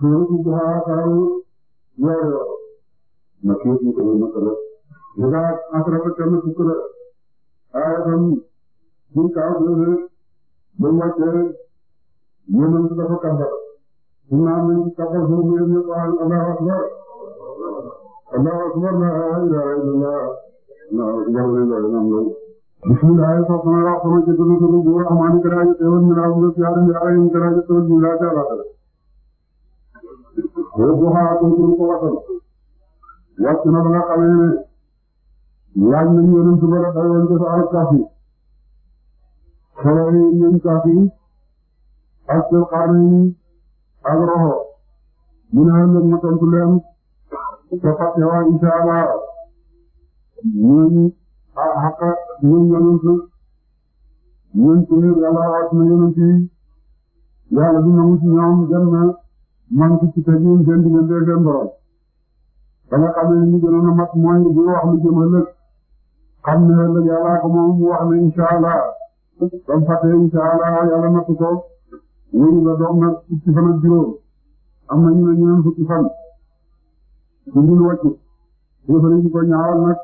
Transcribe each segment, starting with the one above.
suuf si joxewaat ay yoo yoo ma kii bi ko ma ko def li nga asraf kenn ku ko def ay tam suñ kaaw bi ne ba wàccee yéen a dafa kàmbal suñ naa ne kàmbal suuf bi yéen ñëpp waxal Allahu akbar Allahu akbar la ilaha illallah na ngal ni loolu nam loolu bismillah soxna wax sama ci dund bu rahman kala yi teewon mi na ngi ci yaram yaram kala yi teewon mi la ta la boo buxaat ko pour ko watal wàcc na ba nga xamee ne laaj nañu yonent ba la xewoon ca sa alkaaf yi xelal yi ñoom kaaf yi ak seen xaar yi ak roxo mu ne nag mu tontu leen te fàtte waa incha allah ñooñu ah xaqa ñoom yonent ñoom ci yàlla wàcc na yonent yi yàlla dina mu ci ñoom dem man ci ci tëj yi seen diggante ak seen borom ba nga a mat mooy bu wax lu jëm ëllëg xam ne ëllëg yàlla moom mu wax ne incha allah ba mu fàttee incha ko wéyu doom na fukki fan ak juróom am na ñu ne ñeneen fukki fan su dul wàcc su ko ñaawal nag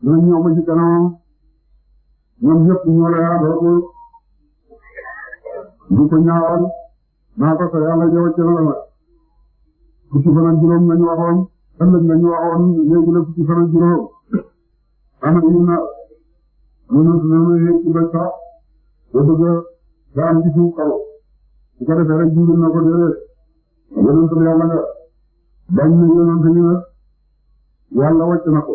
dina ñëw ba ci kanam ñoom ñëpp ñoo la yaandoo ko du ko ñaawal naa ko sa yàlla jaww ci fukki fan juróom la ñu waxoon ëllëg la ñu waxoon léegi la fukki fan juróom am na ñu na ñu ci bëj sax ba bëgg a am ci suuf kaw ko defee rek jiw na nga bañ na yonent ñu ne yàlla wàcc na ko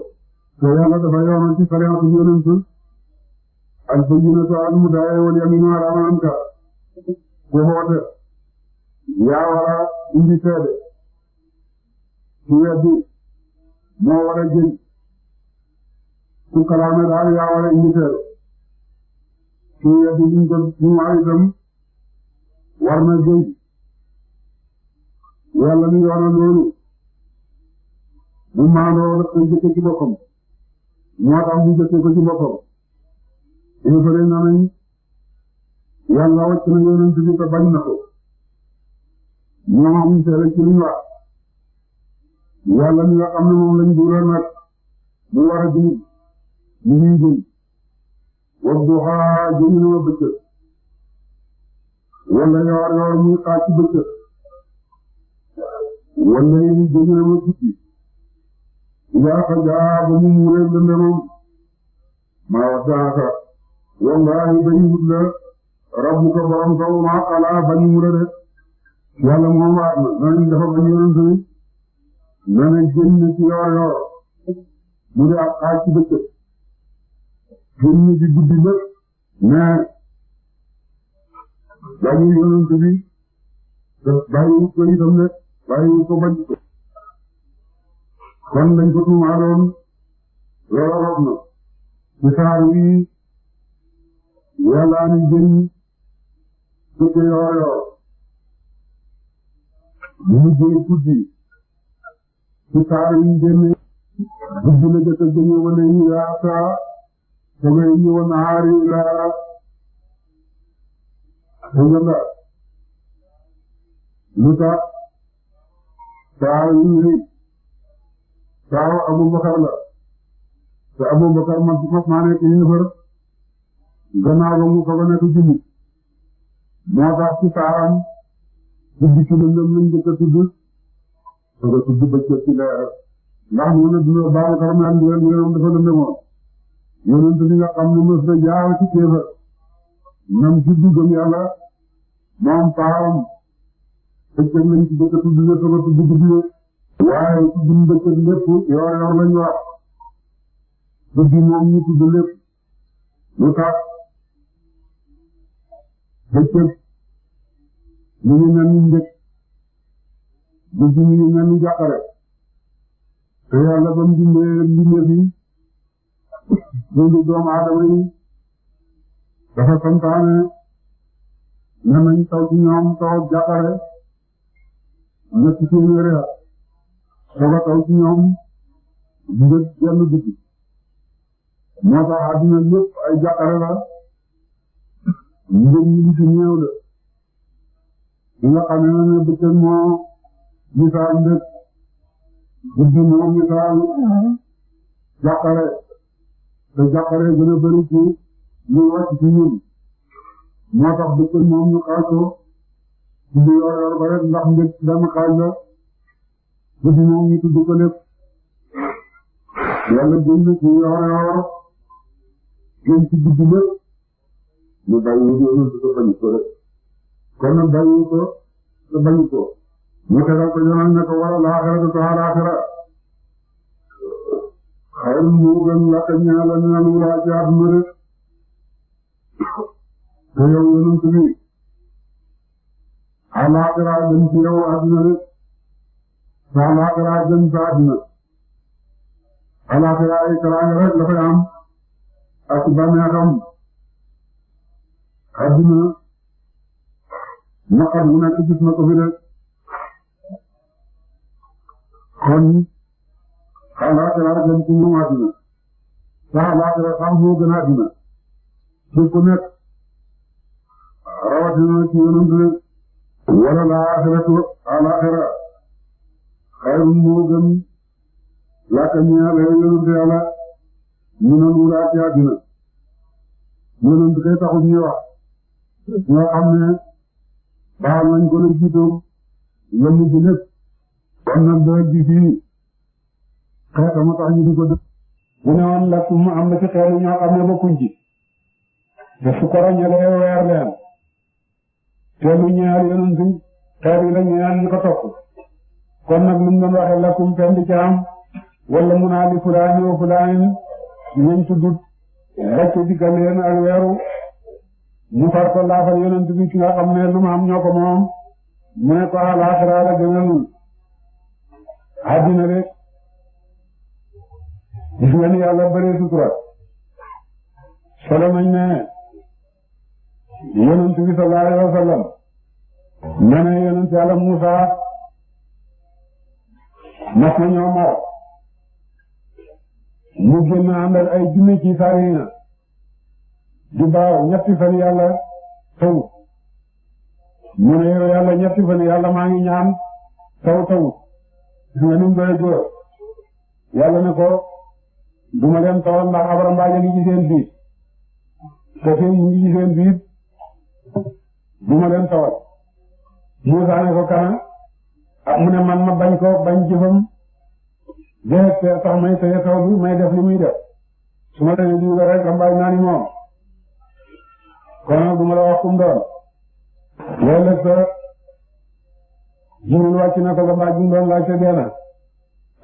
te yàlla dafa yoonal ci sariya bu yonent al-bayyinatu al-mudaaya wal yamiinu alaa man ankaraa ku xoote yaa war a seede ci weer bi moo war a jël su kalaame daal yaa war a indi teel ci weer bi ñu ko ñu waaw itam war na jël yàlla mi yor na loolu mu maandoo rek koy jëkke ci boppam moo tax mu jëkke ko ci boppam éefare na nañ yàlla wàcc na yonent bi te bañ na ko ñoom am seere ci luñ wax yàlla mi nga xam ne moom lañ dugal nag mu war a ji li ñuy ji wadduhaa jënd na bëccëg wala yoor yoor muy xaaj ci bëccëg wala yi jënd na ma guddi yaa ko jaa ba mu muuree dëndënoom maa waddaaka wallaahi bañ wut la rabbuka borom kaw maa xalaa bañ mu la de yàlla moom waat na nañ dafa bañ yonent na nga génn ci yor mu di ab xaaj ci dëkk génn ci guddi na mais dañuy yonent bi te bàyyiwut ko itam ne kon dañ ko tuumaaloon loola rob na ci saar wi yàllaa ni génn dëkk yor-yor ci saar yi génne guddi la jëkk jëñu wane yi yaata samay yi wa nahaari ilaa hëjënda lu tax saar yi saaru Abubakar la te Abubakar man su fas maa nekk yéefar gannaaw mu fa nekk jullit moo tax ci saaram guddi ci lëndëm lañ jëkk tudd te nga bëccëg ci leer ndax mu ne bii baaxul nga xam ne mos na jaar ci kéefër même ci duggam yàlla moom paam bëccëg lañ ci bëccëg tudd ne sama tudd bëccëg waaye tudd bëccëg lépp yor yor lañ wax bëccëg mu ngi mel ni di ji ñu mel ni jàppale te yàlla ba mu bindee mbindeef yi dundu doomu aadama yi dafa santaane ne nañ taw ci ñoom taw jàppale ñett téeméeri at soog a taw ci ñoom njëkk benn guddi moo tax àddina lépp ay jàppale la njëg yi di ci ñëw de li nga xam ne misaal ndëkk guddi moom misaal jàppare te jàppare gën a bëri ci ñu wàcc ci ñun moo tax bëccëg moom ñu xaaj ko guddi yor yor ba rek ndax ndëkk benn xaaj la guddi moom ñu tudd ko lépp yàlla jënd ci yor yor jën ci guddi lépp mu bàyyi wu ñu ko bañ ko rek kon nag bàyyi ko te bañ ko mu tegal ko ñoom ne ko wala laaxiratu ta laaxira xayru mu gën laka ñaala ñaanu laa ci àdduna rek te yow yonent bi alaaxira gën ci yow àdduna rek te alaaxira gën ci àdduna alaaxira ay kalaang rek la fay am ak bànneexam àdduna naqar mu nekk gis na ko fi rek kon xam nga xalaat lañ ci moom àdduna sax laaxira xam moo gën a àdduna ci ku nekk rawatina ci yonent wala laaxiratu alaaxira xayrun moo gën laaka ñaar yow yonent yàlla ñu ne mu laaj ci àdduna yonent kay taxul ñuy wax ñoo xam ne baal nañ ko la jiitoom yëngu ci lépp kon nag deret ji fii xeetu moo di ko def. mu ne woon lakk mu am na ñoo xam ne bokkuñ ci. te su ko weer leen. te lu ñaar yonent yi xeetu yi la ñaar ñu ko topp. kon nag lu mu doon waxee lakkum fen di ci am mun a li fulaani wa fulaanin dinañ tudd rekk digal leen weeru mu far ko laafal yonent bi ki nga xam ne lu mu ñoo ko moom mu ne ko alaaxira la àddina de gis nga yàlla bëree sutura solo nañ ne yonent bi sallallahu alayhi wa yàlla Muusa mas na ñoo mar mu génn ànd ak ay junni ci saarina di baaw ñetti fan yàlla taw mu ne yow yàlla yàlla maa ngi ñaan taw taw gis nga ni mu doyee ko du ma leen tawal ndax abarambaay ngi ci ngi ci seen biir du ma tawal. Musaa ne ko kana ak ah, ne man ma bañ ko bañ jëfam déet te tax may tëye taw bi may def li muy def su ma demee jiw rek am bàyyi naa ni moom kon la wax kum doon loolu la Jibril wàcc na ko ba mbaa jum doon laajte dee na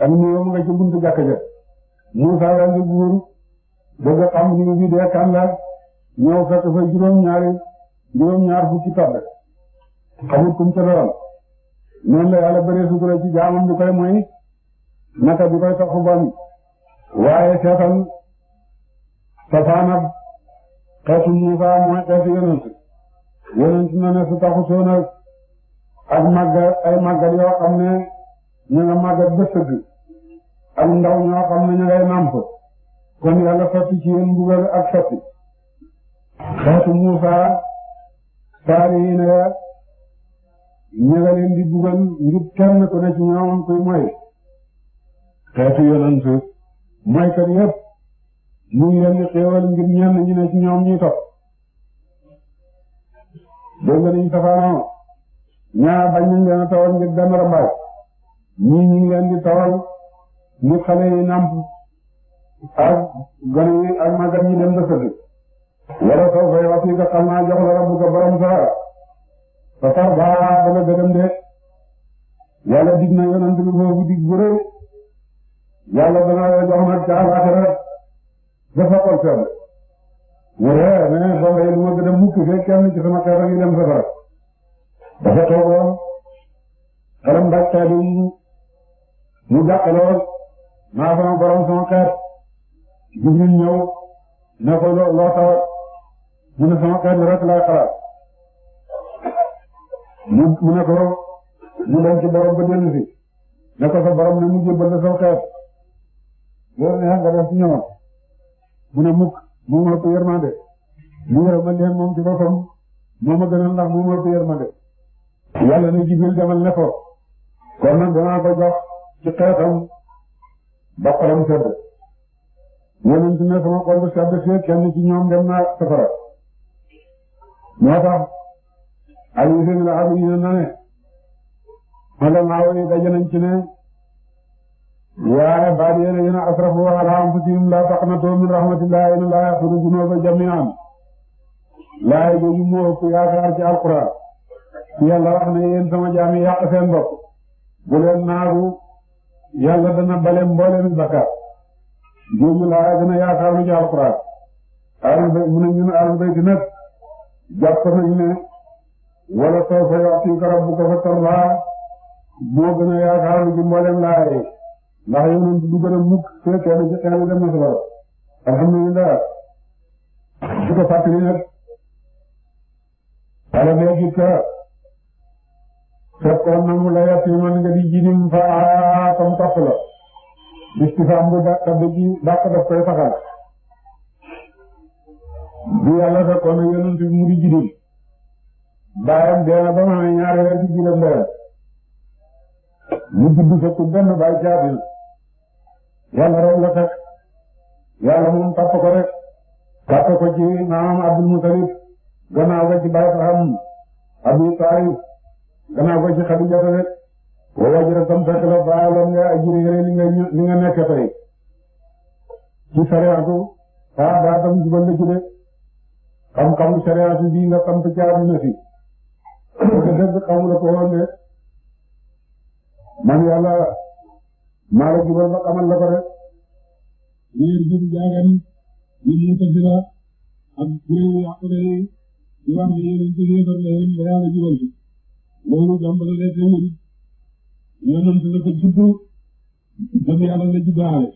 am nga ci buntu jàkka ja Musaa yaa ngi buur bëgg xam lii bi dee kan la fekk fa juróom-ñaari juróom-ñaar fukki tabbe xamut kum ca doon noonu la yàlla bëree sutura jaamam bi koy moy naka bi koy topp bon waaye seetal safaanab xeetu Musaa mooy xeetu yonent yonent na ne su taxu soo ak màggal ay màggal yoo xam ne ñu nga màggal ak ndaw ñoo xam ne ñu ngay nàmp kon yàlla sotti ci yéen mbugal ak sotti xeetu Muusa saalihiina ya ñu nga leen di bugal ngir kenn ku ne ci ñoom kuy moy xeetu yonent moykat yépp mu ngi leen di xéewal ngir ñenn ñu ne ci ñoom ñuy topp dégg nañu safaanoo ñaa bañ nañ leen a tawal ngir benn rambaay ñii ñu leen di tawal ngir xale yi namp ak gone yi ak magat yi dem dëkk bi. soo koy wax fii nga xam naa jox la rabbu ko borom dara ba tax baax ba nga gërëm de yàlla dig na yonent bi foofu dig bu rëy yàlla dana la jox nag ca àllaaxira dafa xol seen. wala mais soo koy lu ma gën a mukk fekk kenn ci sama xeetu yi dem safara dafa toogoon xelam mbàccaat yi mu jàppaloo maa sama borom sama xeet Jibril ñëw ne ko loo loo tawat mu ne sama xeet rek lay xalaat mu mu ne ko mu dem ci borom ba dellu si ne ko sa borom ne mu jébbal la sama xeet loolu neex nga def ci mu ne mukk moom moo ko yërmande mu yërmal leen moom ci boppam moo ma gënal ndax moom yàlla ne Jibril demal ne ko kon nag danaa ko jox ci xeetam ba xolam sedd yonent ne sama xol bu sedd fee kenn ci ñoom dem naa safara moo tax Aliou Sène la xam ne na ne ulamaa yi daje nañ ci ne yaa ibaadiya allaziina asrafu alaa anfusihim laa taqnatuu min rahmatillaahi inna Allaaha yaghfiru zunuuba jamii'an laa jooju moo ëpp yaakaar ci alxuraan yàlla wax ne yéen sama jaam yi yàq seen bopp bu leen naagu yàlla dana bale mbooleem bakkaar juum laa gën a yaakaar lu ci alxuraan aarul bay mu ne ñun aarul bay di nag jàpp nañ ne wala soo fa yu'tika rabbuka fatardaa moo gën a yaakaar lu ci mbooleem laa yi ndax yonent du gën a mukk fee kenn ci xeetu dem na si loolu alhamdulilah di ko fàttali nag ala léegi ka fekkoon na mu la yatiman nga di jirim fa tam topp la istifaam bu dàq bi dàq daf koy saxal bi yàlla fekkoon na yonent bi mu di jirim baayam dee na ba ma ne ñaari weer ci jirim ndeyam mu judd fekk benn baay caabil yàlla rek la fekk yàlla moom tàpp ko rek tàpp ko ci maam Abdul Mutalib gannaaw ga ci baay fa xam Abi gannaaw ko ci Xadija tamit boo waajal tam fekk la baalam nga ajuree li nga li nga nekk tey ci sariyaatu ah daa tam jubal la ci de xam-xamu sariyaatu nga xam ci àdduna fi parce que dëgg xamu la ko woon de man yàlla maa la rek ñeent bi naa jaagan ñu mën ko dina ak kuréel yu yàqu de yi di wax ne yéen a ngi ci yéefar loolu jàmbale leen fi mu yonent la ko juddu gëm yàlla la juddaale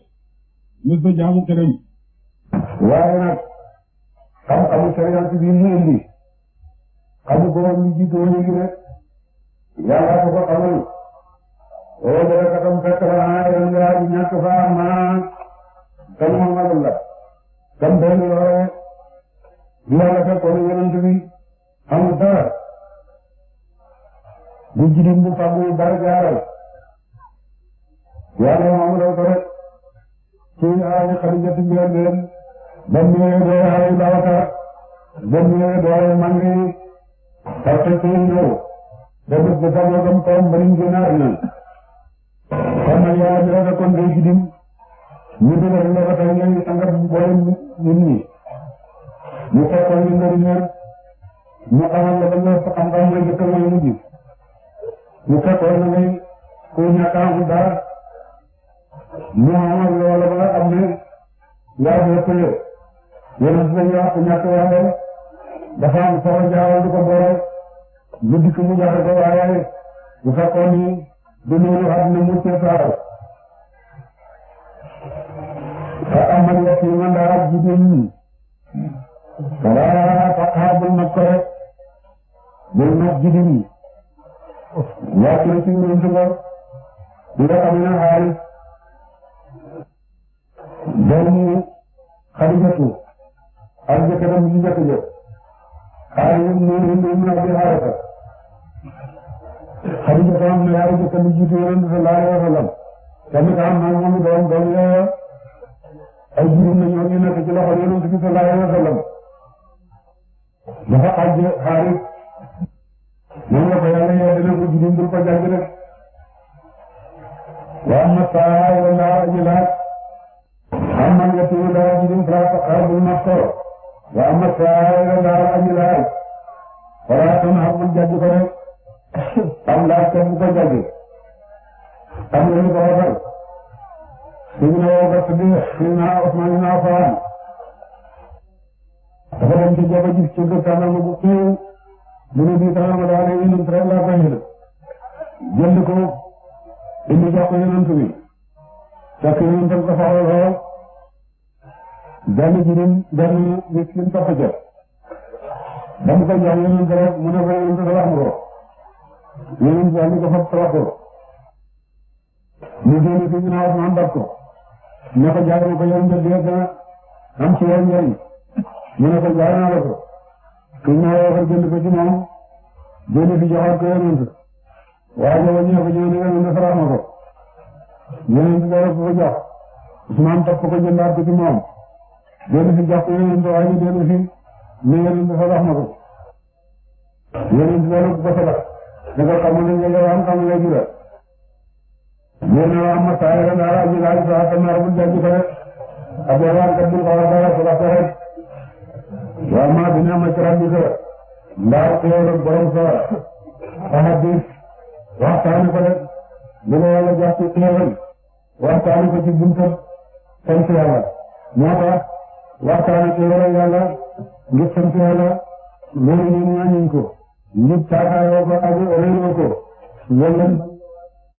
mës a jaamu këram waaye nag xam-xamu sariyaat bi mu indi xamu borom ñu jiitu woon léegi rek yàlla ko ko xamal oo dara katam fekk la ah yoon nga di ñàkk faa maa kan ma magal la kan benn loore yàlla fekkoon yonent bi amul dara di jirim bu faggu bargaaral yàlla moom la ko rek ci aali xarijati mbiyen leen ba mbiye doo ay lawata ba mbiye doo ay mangi parce que ñëw da bés bu faggu gam koom ba niñ gënaar na kon nag yàlla bi rek kon day jirim ñu dugal la ko tey ngay sangam boole nit ñi ñu fekkoon li nga ñëw ñu xamal la ba nga xam-xam mooy jëkk mooy mujj bu a am dara mu amal loola ba nga xam ne yaa ngi ëpp a ngi leen di wax ku ñàkk waxee dafa am soxla jaawal di ko boole lu dikk mu joxe ko waaye bu fekkoon ni du noonu xam ne mu cee saaral te amal wax yi man daal jigéen ñi wala ñaar nañ ci ñun suba di nga xam ne Haaris doomu Xadijatu ak jëkkëram bu njëkk ja Haaris mu ngi mu ngi Haarisa Xadija am na ñaari jëkkër yu jiitu Yonent bi sallallahu alayhi wa sallam kenn ka am na moom doom doom ya ay juróom la ñu nekk ci loxo Yonent bi sallallahu alayhi wa sallam dafa àgg Haaris ñun la ko yàlla yee dana ko juddu bul ko jàng rek wa amma saa yoo laa ñu laaj xam man nga tudd laa juddu faa ko xaar bul nax ko wa amma saa yoo laa ñu laaj wala tam xam man jàng ko rek am laaj kenn bu ko jàng am nañu ko waxal suñu la woo bët bi xëy na Ousmane naa faan dafa dem ci jafe-jafe ci gëstoo na mu bu mu ne bii tamit ma daal di indi traite laa koy jënd jënd ko indi jox ko yonent bi fekk yonent ko soxla lool benn jirim benn miskin topp ca ba mu koy jox yonent rek mu ne ko fa trop ko mu génn ci ginnaaw bi mu am ko ne ko jaay ma ko yonent am ci yoon njëriñ ko jaay naa suñ ma woo ko jënd ko ci moom jënd fi joxoon ko yonent waaye booba ñëw ko jënd yonent faral ma ko yonent dara ko ko jox Usmaan topp ko jëndaat ko ci moom jënd fi jox ko yonent waaye ñu jënd fi ne yonent faral ma ko yonent dara ko ko faral ne ko xamul ne nga yow am xamul lay jural yéen a am masaay ren daal ak ñu daal di ko wax ak maara bu ñu jaajëfal ak yow daal di ko wax ak yow daal di ko wax waa maa bi naa ma ci rabbi sa ndax teewlu borom sa xadis waxtaane ko rek li nga yàlla jox ci teewal waxtaane ko ci buntam sant yàlla moo tax waxtaane teewal yàlla ngir sant yàlla loolu ñoom ñaanuñ ko ngir taataayoo ko ak réeroo ko loolu